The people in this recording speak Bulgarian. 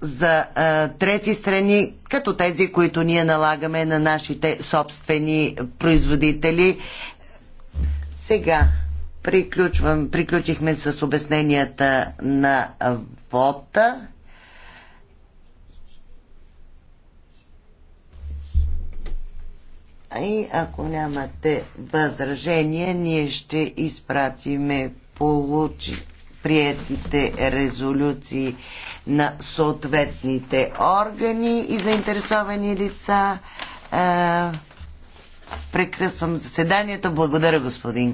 за а, трети страни, като тези, които ние налагаме на нашите собствени производители. Сега приключвам, приключихме с обясненията на вота. И ако нямате възражения, ние ще изпратиме получи приятите резолюции на съответните органи и заинтересовани лица. Е, Прекръсвам заседанието. Благодаря, господин